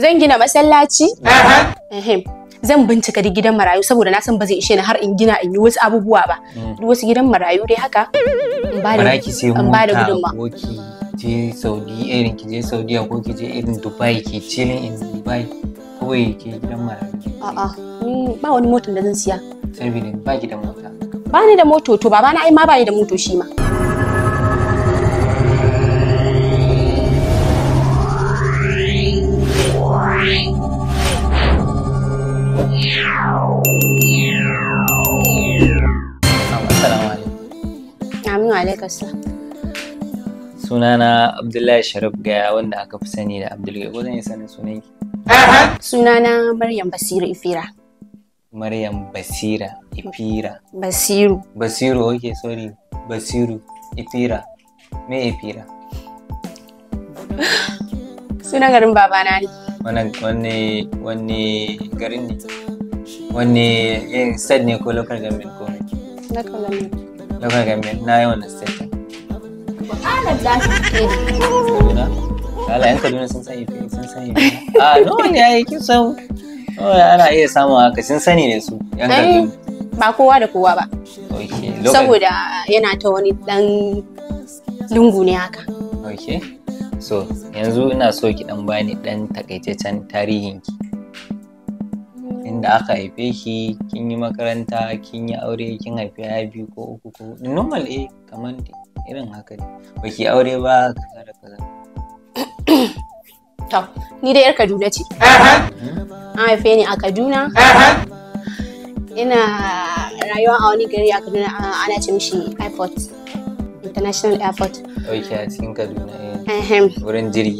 Zan gina masallaci? Zan bincika da gidan marayu saboda na san ba zai ishe ni har in gina in yi wasu abubuwa ba. Mm. Duk wasu gidan marayu dai haka. In ba da gudunma. je saudi irin ki je saudi ko ki je irin dubai ki ni in dubai kawai ke gidan marayu a'a ba wani motar da zan siya saboda ba gidan mota ba ni da moto to baba na ai ma ba ni da moto shi ma Aminu alaikasa. Sunana Abdullahi Sharif Gaya wanda aka fi sani da Abdullahi. Ko zan yi sanin ki? Sunana Maryam Basiru Ifira. Maryam Basira Ifira. Basiru. Basiru, ok, sorry. Basiru Ifira. Me Ifira? Sunan garin babana ne. wani garin ne wani yin state ne ko local government ko local government na yi set ne ala yan kaduna sun sani sun sani a ah, no ne yi kin san ana iya samun haka sun sani ne su yan eh, kaduna ba kowa da kowa ba saboda yana ta wani dan lungu ne haka okay so yanzu ina so ki dan bani dan takaitaccen tarihin ki inda aka haife ki kin yi makaranta kin yi aure kin haifi ya biyu ko uku ko normal eh kamar irin haka ne ba ki aure ba ka da kaza to ni dai yar kaduna ce an haife ni a kaduna ina rayuwa a wani gari a kaduna ana ce mishi airport international airport ok a cikin kaduna wurin jiri.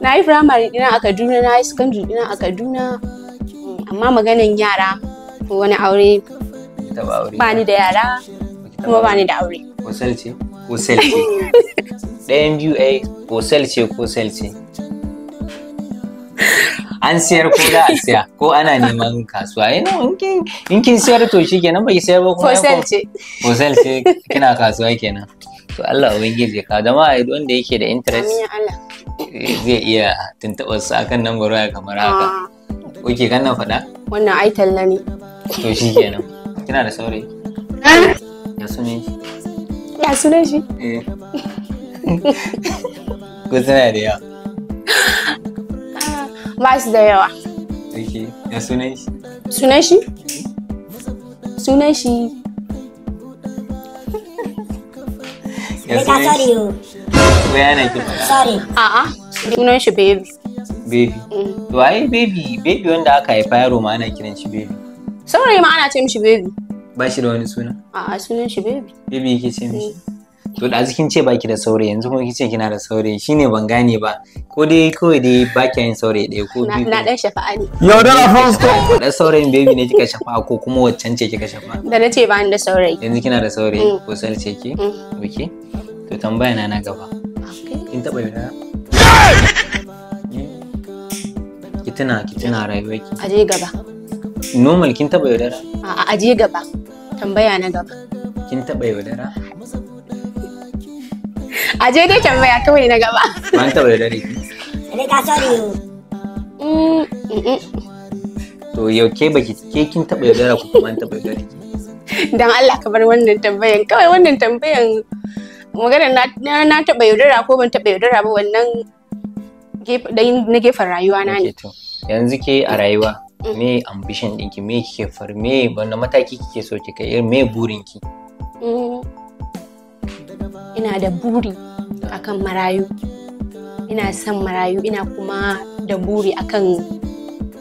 na yi firamare ɗina a kaduna na yi secondary ɗina a kaduna amma maganan yara wani aure ba ni da yara kuma ba ni da aure ko ce ko ce ɗayan biyu ai eh, ko sel ce ko sel ce an siyar ko da a siya ko ana neman kasuwa yana eh, in kin siyar to shi kenan bai siyar ba kuma fosel ce fosel ce kina kasuwa kenan to Allah ubangiji ka jama'a wanda yake da interest eh, zai iya tuntuɓar su akan nan waya kamar haka Oke ah. kan nan faɗa? Wannan ai talla ne. To shi kenan. Kina da saurayi? Eh? Ya sune shi? Ya sune shi? Eh. Ko suna da yawa. vice da yawa ok ya sunan shi sunan shi sunan shi ya sunan shi bayanan ki sorry a'a sunan shi baby baby mm. to ai baby baby wanda aka haifa yaro ma ana kiran shi baby saurayi ma ana ce mishi baby ba shi da wani suna a'a sunan shi baby baby yake ce mishi mm. to da kin ce baki da saurayi yanzu kuma ce kina da saurayi shine ban gane ba ko dai kawai dai baki yin saurayi ɗaya ko biyu na dan shafa'a ne yaudara fausto da saurayin baby ne kika shafa'a ko kuma waccan ce kika shafa'a da nace ba ni da saurayi yanzu kina da saurayi mm. ko sai ce ki mm. oke to tambaya na na gaba kin taba yi ki tuna ki tuna rayuwar ki aje gaba normal kin taba yaudara a aje gaba tambaya na gaba kin taba yaudara a je dai tambaya kawai na gaba ban taɓa da dare ne ka sani to yau ke baki ke kin taɓa da dare ko kuma an taɓa da dare dan Allah ka bar wannan tambayan kawai wannan tambayan magana na na taɓa yaudara ko ban taɓa yaudara ba wannan na gefen rayuwa na ne yanzu ke a rayuwa mm. me ambition ɗinki me kike far me wanda mataki kike so ki kai me burin ki mm. ina da buri akan marayu ina son marayu ina kuma da buri akan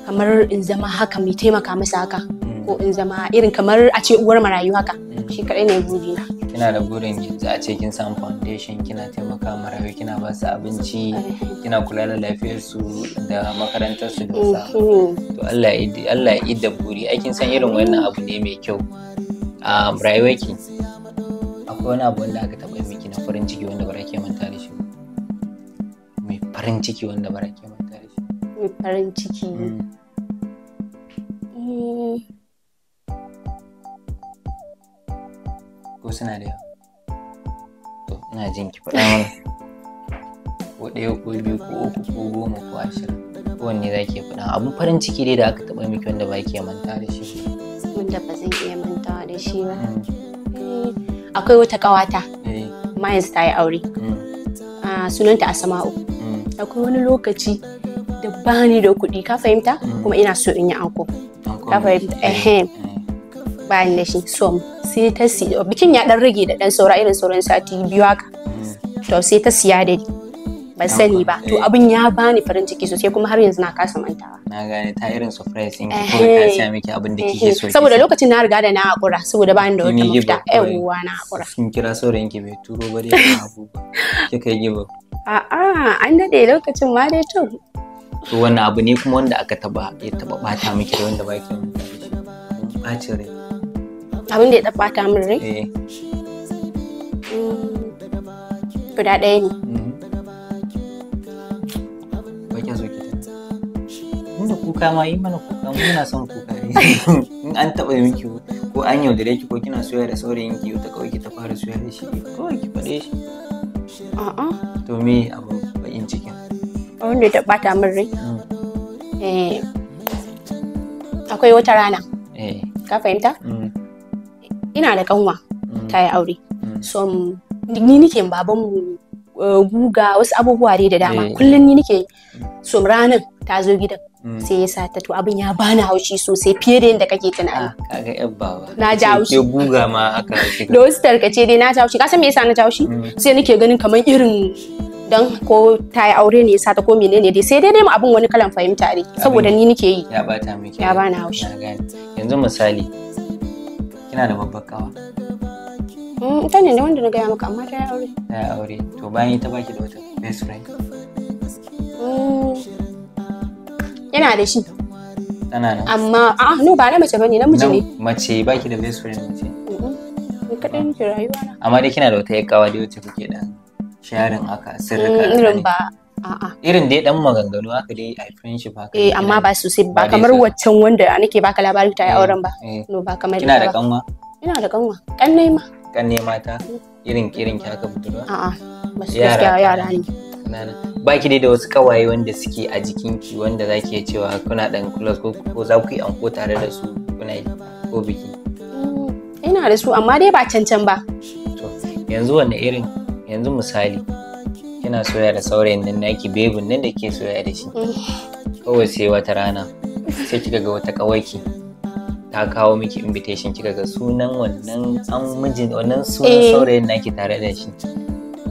kamar in zama haka mai taimaka masa haka ko in zama irin kamar a ce uwar marayu haka shi kaɗai ne na kina da burin a ce kin samu foundation kina taimaka marayu kina ba su abinci kina kula da lafiyarsu da makarantarsu da sa to Allah ya yi da buri ai kin san irin wannan abu ne mai kyau a rayuwarki akwai wani abu wanda aka farin ciki wanda mara ke manta da shi mai eh, farin ciki hmm. eh. ko suna da yawa to ina jin ki faɗa mana ko ɗaya ko biyu ko uku ko goma ko ashirin ko kowanne za ki faɗa abu farin ciki dai da aka taɓa miki wanda ba ke manta da shi wanda ba zan iya mantawa da shi ba hmm. eh, akwai wata ƙawata mayans ta yi aure hmm. ah, sunanta asama'u akwai wani lokaci da bani da kuɗi ka fahimta mm. kuma ina so in yi anko ka fahimta ehem bayan da shi so sai ta siya bikin ya dan rage da dan saura irin sauran sati biyu haka mm. to sai ta siya da ni ban sani ba to abin ya bani farin ciki sosai kuma har yanzu na kasa mantawa na gane ta irin surprise din ko ta siya miki abin da kike so saboda lokacin na riga da na hakura saboda bani da wata mafita ai uwa na hakura kin kira saurayin bai turo bare abu kika yi ba A'a, an daɗe lokacin ma dai to. To wani abu ne kuma wanda aka taba ya taba bata miki da wanda baki bacin rai. Abin da ya taba bata min rai? Eh. Mm, guda ɗaya ne. Mm-hmm. Bakin so kita. Inda kuka ma yi mana kuka muna son kuka in an taba miki ko an yaudare ki ko kina soyayya da saurayin ki ta kawai ki ta fara soyayya da shi kawai ki faɗe shi. a'a to me abin bakin cikin abin da ta bata min rai mm. eh, akwai wata rana eh. ka fahimta mm. ina da kanwa mm. ta yi aure so ni nike baban mu eh, guga wasu abubuwa dai da dama kullum ni nike so ranar ta zo gidan Mm. sai ya sata to abin ya bani haushi sosai fiye da yadda kake tunani ah, kaga yan baba na ji haushi ke guga ma shiga. da wasu tarkace dai na ji haushi Ka san me yasa na ji haushi mm. sai nake ganin kamar irin dan ko ta yi aure ne yasa ta ko menene dai sai dai mu abin wani kalan fahimta ne saboda ni nake yi ya bata miki ya bani haushi yanzu misali kina da babbar kawa mm, ita ne da wanda na gaya maka amma ta yi aure ta yi aure to bayan ita baki da wata best friend yana da shi tana nan amma a ah, no ba na mace bane namiji ne mace ki da best friend mace ni kadai nake rayuwa na amma dai kina da wata yakkawa da wacce kuke da? sharin aka sirrika mm, irin ba A'a. Irin dai dan maganganu haka dai a friendship haka. Eh amma ba sosai ba kamar waccan wanda nake baka labarin ta ya eh, auren ba. Eh. No ba kamar Kina da kanwa? Ina da kanwa. Kanne ma. Kanne mata. Irin kirin ki haka budurwa? A'a. Ba su gaskiya yara ne. na. ba ki dai da wasu kawaye wanda suke a jikinki wanda za ki cewa kuna dan kulas ko za ku yi anko tare da su kuna yi ko biki mm, ina da su amma dai ba cancan ba yanzu wanne irin yanzu misali kina soya da saurayin nan naki bebin nan da ke soya da shi mm. kawai sai wata rana sai kika ga wata kawaki ta kawo miki invitation kika ga sunan wannan an mijin wannan sunan eh. saurayin naki tare da shi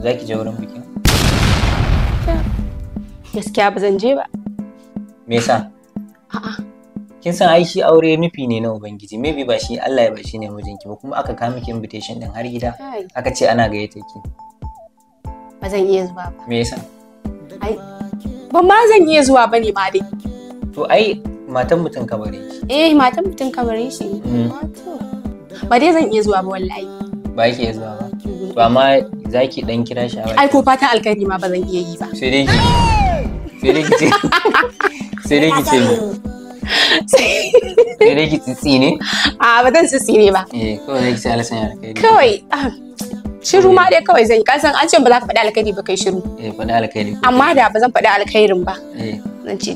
za ki je wurin bikin Gaskiya ba zan je ba. Me yasa? A'a. Kin san ai shi aure nufi ne na Ubangiji, maybe ba shi Allah ya ba shi ne mijinki ba kuma aka kawo miki invitation din har gida. Aka ce ana gayyata ki. Ba zan iya zuwa ba. Me yasa? Ai ba ma zan iya zuwa ba ne ma dai. To ai matan mutum bare shi. Eh matan mutum bare shi. Mm. Ba dai zan iya zuwa ba wallahi. Ba yake zuwa ba. Ba ma za ki dan kira shi a Ai ko fatan alkhairi ma ba zan iya yi ba. Sai dai ki. Serigiti. Serigiti ne. Serigiti tsini? A ba zan tsitsi sini ba. Eh, kawai zai ci alasan yara kai. Kawai. Ah, shiru ma dai kawai zan yi kasan an ce ba za ka faɗi alkhairi ba kai shiru eh faɗi alkhairi amma da ba zan faɗi alkhairin ba eh zan ce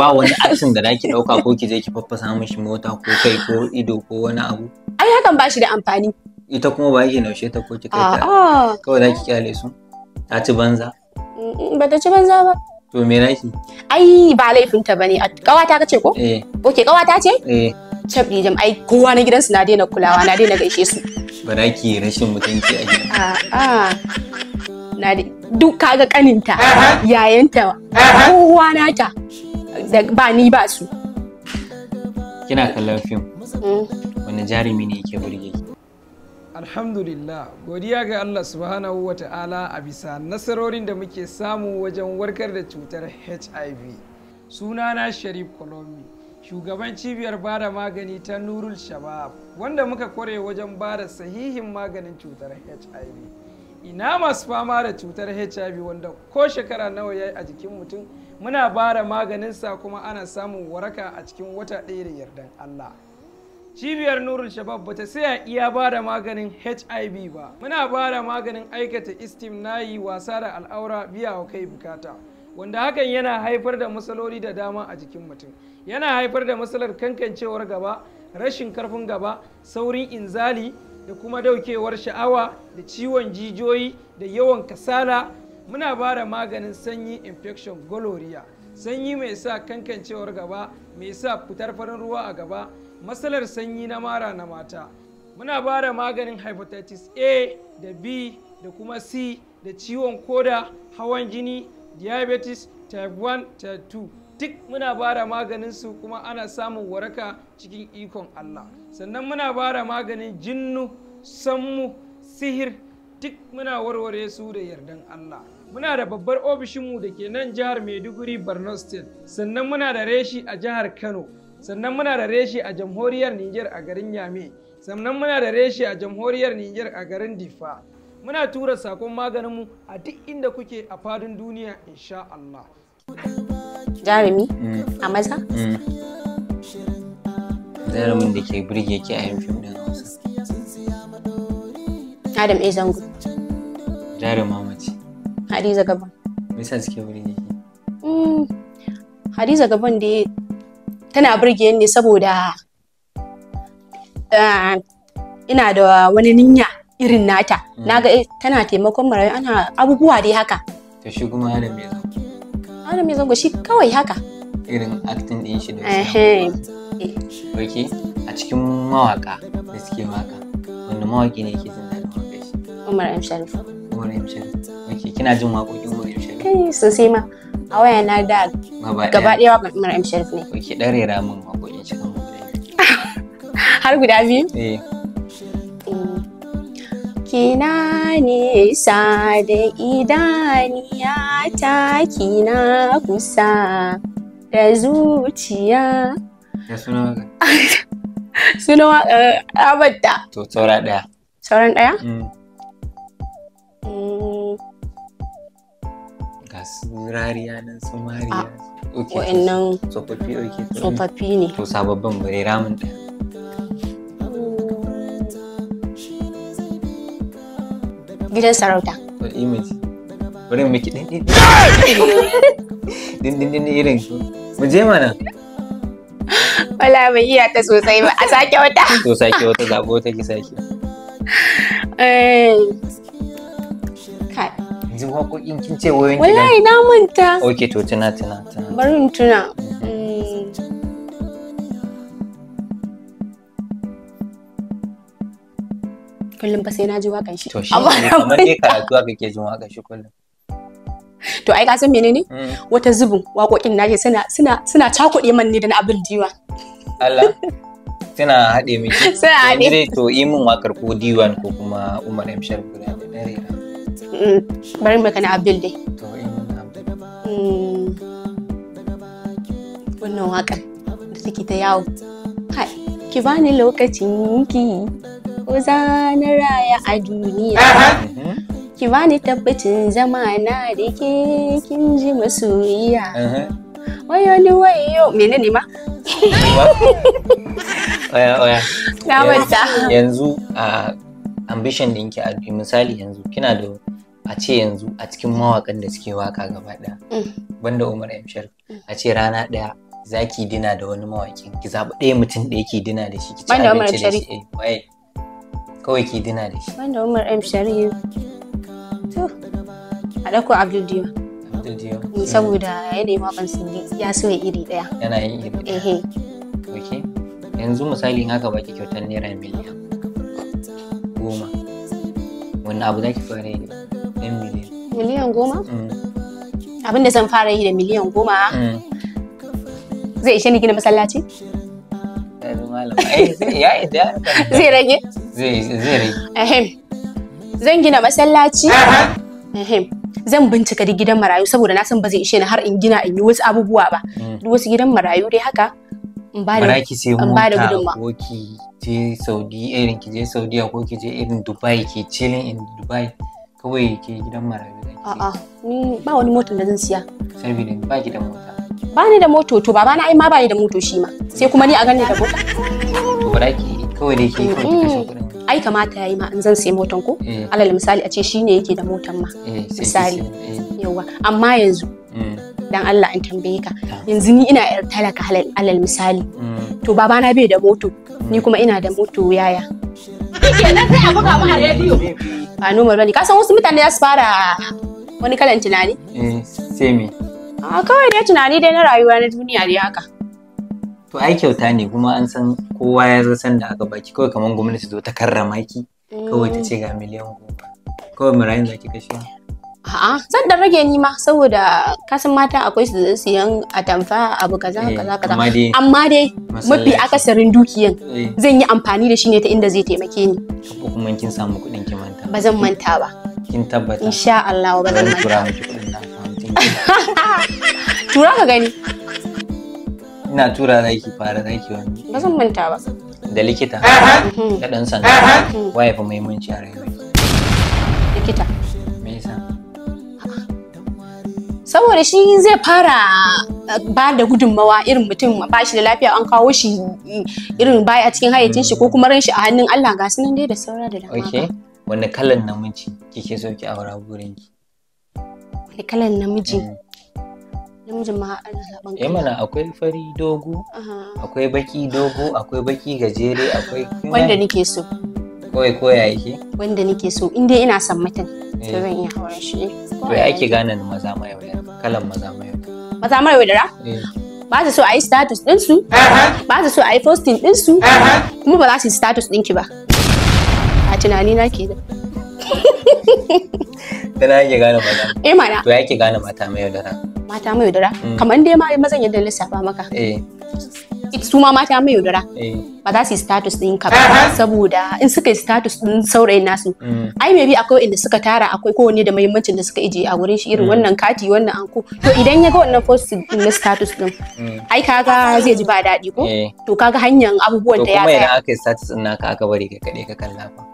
ba wani action da naki dauka ko ki je ki faffasa mishi mota ko kai ko ido ko wani abu ai hakan ba shi da amfani ita kuma ba yake naushe ta ko ki kai ta ah, ah. kawai za ki kyale su ta ci banza mm, mm, ba ta ci banza ba To me naki? Ai ba laifinta bane. Kawata kace ko? Eh. Okay, kawata ce? Eh. Chabdi jam ai kowa na gidansu na daina kulawa, na daina gaishe su. Ba na ki rashin mutunci a gidan. A'a. Na duk kaga kaninta, yayanta, kowa nata. Ba ni ba su. Kina kallon fim. Mm. Wani jarumi ne yake burge ki? alhamdulillah godiya ga allah subhanahu wa ta'ala a bisa nasarorin da muke samu wajen warkar da cutar hiv sunana sharif kolomi shugaban cibiyar bada magani ta nurul shabab wanda muka kware wajen bada sahihin maganin cutar hiv ina masu fama da cutar hiv wanda ko shekara nawa ya yi a jikin mutum muna bada maganinsa kuma ana samun waraka a cikin wata ɗaya da yardan allah cibiyar nurul shabab bata saya iya ba da maganin hiv ba muna ba da maganin aikata istim na yi wasa da al'aura biya wa kai bukata wanda hakan yana haifar da matsaloli da dama a jikin mutum yana haifar da matsalar kankancewar gaba rashin karfin gaba saurin inzali da kuma daukewar sha'awa da ciwon jijiyoyi da yawan kasala muna ba da maganin sanyi infection gonorrhea sanyi mai sa kankancewar gaba mai sa fitar farin ruwa a gaba matsalar sanyi na mara na mata muna ba da maganin hepatitis a da b da kuma c da ciwon koda hawan jini diabetes type 1 type 2 duk muna ba da maganin su kuma ana samun waraka cikin ikon allah sannan muna ba da maganin jinnu sammu sihir duk muna warware su da yardan allah muna da babbar ofishinmu da ke nan jihar maiduguri borno state sannan muna da reshi a jihar kano sannan muna da reshe a jamhuriyar Nijar a garin Yame sannan muna da reshe a jamhuriyar Nijar a garin Difa muna tura sakon maganinmu a duk inda kuke a fadin duniya insha Allah jarumi mm. a maza mm. jarumin da ke birge ki a yin fim din Hausa Adam A Zango Jarum mace Hadiza Gaban me yasa suke birge ki mm. Hadiza Gaban da tana burge ni saboda eh, ina da wani ninya irin nata mm. naga eh, tana taimakon marayu ana abubuwa dai haka ta shi kuma adam mai zango adam mai zango shi kawai haka irin acting din shi da eh, ok a cikin mawaka da suke waka wanda mawaki ne ke jin da mawaka shi umar m sharif umar m sharif ok kina jin waƙoƙin umar m sharif kai sosai ma a waya na da gaba ɗaya ne ke dan rera eh. kina kusa da zuciya ya suna waka. suna waka, eh, abadda. to saura ɗaya sauran ɗaya mm. su rariya nan su mariya ah, wa'annan tsofaffi oke tsofaffi ne to sababbin bare ramin ɗaya gidan sarauta ko image bari mu miki din din din irin mu je mana wala bai iya ta sosai ba a sake wata to sake wata zabo ta ki sake eh yanzu waƙoƙin kin ce wayoyin gidan wallahi na manta ok to tuna tuna tuna bari in tuna mm. kullum fa sai na ji wakan shi to shi ne kamar dai karatu aka ke jin wakan shi kullum to ai ka san menene mm. wata zubin waƙoƙin na suna suna suna cakude man ne da na abin diwa Allah suna haɗe miki suna haɗe to yi min wakar ko diwan ko kuma Umar M Sharif guda da dare Mm. bari mai kana abdul dai eh, mm. wannan waƙar da take ta yawo kai ki bani lokacin ki ko za na raya a duniya ki bani tabbacin zama na da ke kin ji masoyiya wayo ni wayo menene ma oya oya na manta yanzu a ambition ɗinki a misali yanzu kina da a ce yanzu a cikin mawakan da suke waka gaba ɗaya mm. banda umar m sharif mm. a ce rana ɗaya za ki dina da wani mawakin ki zaɓi ɗaya mutum ɗaya ki dina da shi ki ci da shi eh, waye kawai ki dina da shi banda umar m sharif to a ɗauko abdul diyo. abdul diwa mm. saboda yanayin wakan sun ya so ya iri ɗaya yana yin iri ɗaya oke yanzu misali in aka baki kyautar naira miliyan goma wani abu za ki fara yi miliyan goma mm. abin da zan fara yi da miliyan goma mm. zai ishe ni gina masallaci zai rage zai rage zan gina masallaci zan bincika duk gidan marayu saboda na san ba zai ishe ni har in gina in yi wasu abubuwa ba mm. duk wasu gidan marayu dai haka in ba da gudunma ko ki je saudi irin ki je saudiya ko ki je irin dubai ki chilling in dubai kawai ke gidan marayu da a'a ni ba wani motar da zan siya ne, ba ki da mota ba ni da moto to baba na ai ma ba ni da moto shi ma sai kuma ni a ganni da mota to ba ke kawai dai ki kawai ki kuɗin ai kamata yayi ma in zan sayi motan ko eh. alal misali a ce shi ne yake da motan ma eh, misali yawa eh. amma yanzu mm. dan Allah in tambaye ka yanzu ni ina yar talaka alal misali mm. to baba na bai da moto ni mm. kuma ina da moto yaya Kike nan sai a buga mu a rediyo ba numar bane ka san wasu mutane za su fara wani kalan tunani eh sai me a kawai dai tunani dai na rayuwa na duniya dai haka to ai kyauta ne kuma an san kowa ya zo san da aka baki kawai kamar gwamnati zo ta karrama ki kawai ta ce ga miliyan goma kawai marayun za ki kashe A'a, zan dan rage ni ma saboda kasan mata akwai su da siyan atamfa abu kaza eh, kaza kaza. Amma dai mafi akasarin dukiyan eh. zan yi amfani da shi ne ta inda zai taimake ni. Ko kuma kin samu kuɗin kimanin. ba zan manta ba kin tabbata insha Allah ba zan manta tura ka gani ina tura ki fara ki wani ba zan manta ba da likita eh, eh. da dan sanda eh, waye fa muhimmanci a rayuwa likita me yasa saboda shi zai fara ba da gudunmawa irin mutum ba shi da lafiya an kawo shi mm, irin baya cikin hayyacin shi ko kuma ran shi a hannun Allah ga sunan dai da saura da dama wani kalan namiji kike so ki aura burin ki wani kalan namiji mm. Namiji ma ana zaben kai eh mana akwai fari dogo akwai baki dogo akwai baki gajere akwai wanda nike so kawai koya yake wanda nike so inda ina son mutum to eh. zan iya auren shi to ya ake gane maza mai yaudara kalan maza mai yaudara maza mai yaudara eh. ba su so a yi status ɗinsu ba su so a yi posting ɗinsu kuma ba za su yi status ɗinki ba tunani na ke da na yake gane mata eh mana to yake gane mata mai yaudara mata mai yaudara mm. kamar dai ma mazan yadda lissafa maka eh su ma mata mai yaudara eh. ba za su yi status din ka ba saboda in suka yi status din saurayin nasu mm. ai maybe akwai inda suka tara akwai kowanne da muhimmancin da suka ije a wurin shi irin mm. wannan kati wannan anko to idan ya ga wannan post na status din ai kaga zai ji ba daɗi ko eh. to kaga hanyar abubuwan ta ya tsaya to kuma idan aka yi status din naka aka bari ka kaɗai ka kalla fa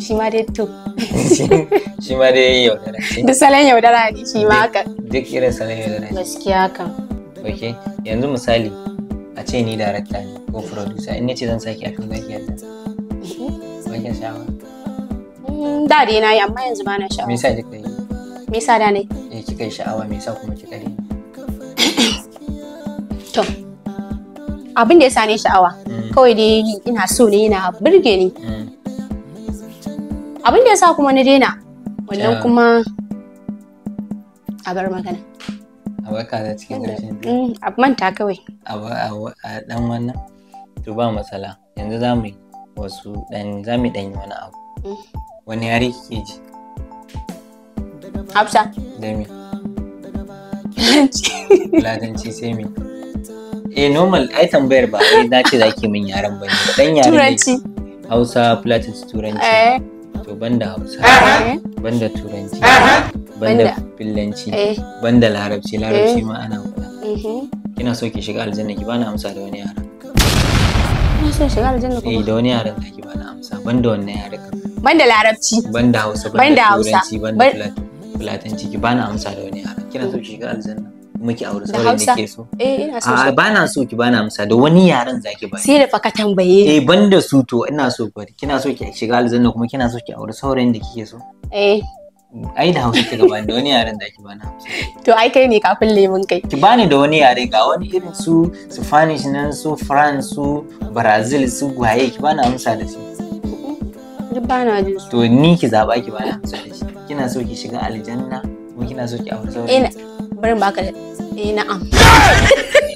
shi ma dai to shi ma dai yaudara duk salon yaudara ne shi ma haka duk irin salon yaudara gaskiya haka ok yanzu misali a ce ni darakta ne ko producer in ce zan sake akan zaki yadda mhm. bakin sha'awa mm, da dai na yi amma yanzu ba na sha'awa me yasa kika yi me yasa da ne eh kika yi sha'awa me yasa kuma kika yi to abin da ya sani sha'awa mm. kawai dai ina so ne yana burge ni mm. abin da ya sa kuma na daina wannan kuma a bar magana a bar kaza cikin ƙarshen mm, a manta kawai a dan wannan to ba matsala yanzu za mu wasu dan za mu dan yi wani abu mm. wani yare kike ji hafsa da me ladanci sai me eh normal ai tambayar ba ai na ce zaki min yaren bane dan yaren turanci hausa platin turanci eh. banda hausa eh, eh. banda turanci eh, banda fillanci banda larabci larabci ma ana kula kina so ki shiga aljanna ki bani amsa da wani yaren ina son shiga aljanna ko eh da wani yaren ki bani amsa banda wannan yaren banda larabci banda hausa banda turanci banda filatanci ki bani amsa da wani yaren kina so ki shiga aljanna muke aure ne ke so eh ina so ba na so ki bana musa da wani yaren zaki ba. sai da fa ka tambaye eh banda su to ina so ba kina so ki shiga aljanna kuma kina so ki aure saurayin da kike so eh ai da hausa ki gaba da wani yaren da ba na hausa to ai kai ne kafin lemun kai ki bani da wani yare ga wani irin su spanish nan su france su brazil su guaye ki na musa da su bana jin to ni ki zaba ki na musa da shi kina so ki shiga aljanna kuma kina so ki aure saurayi bari ka yi eh, na'am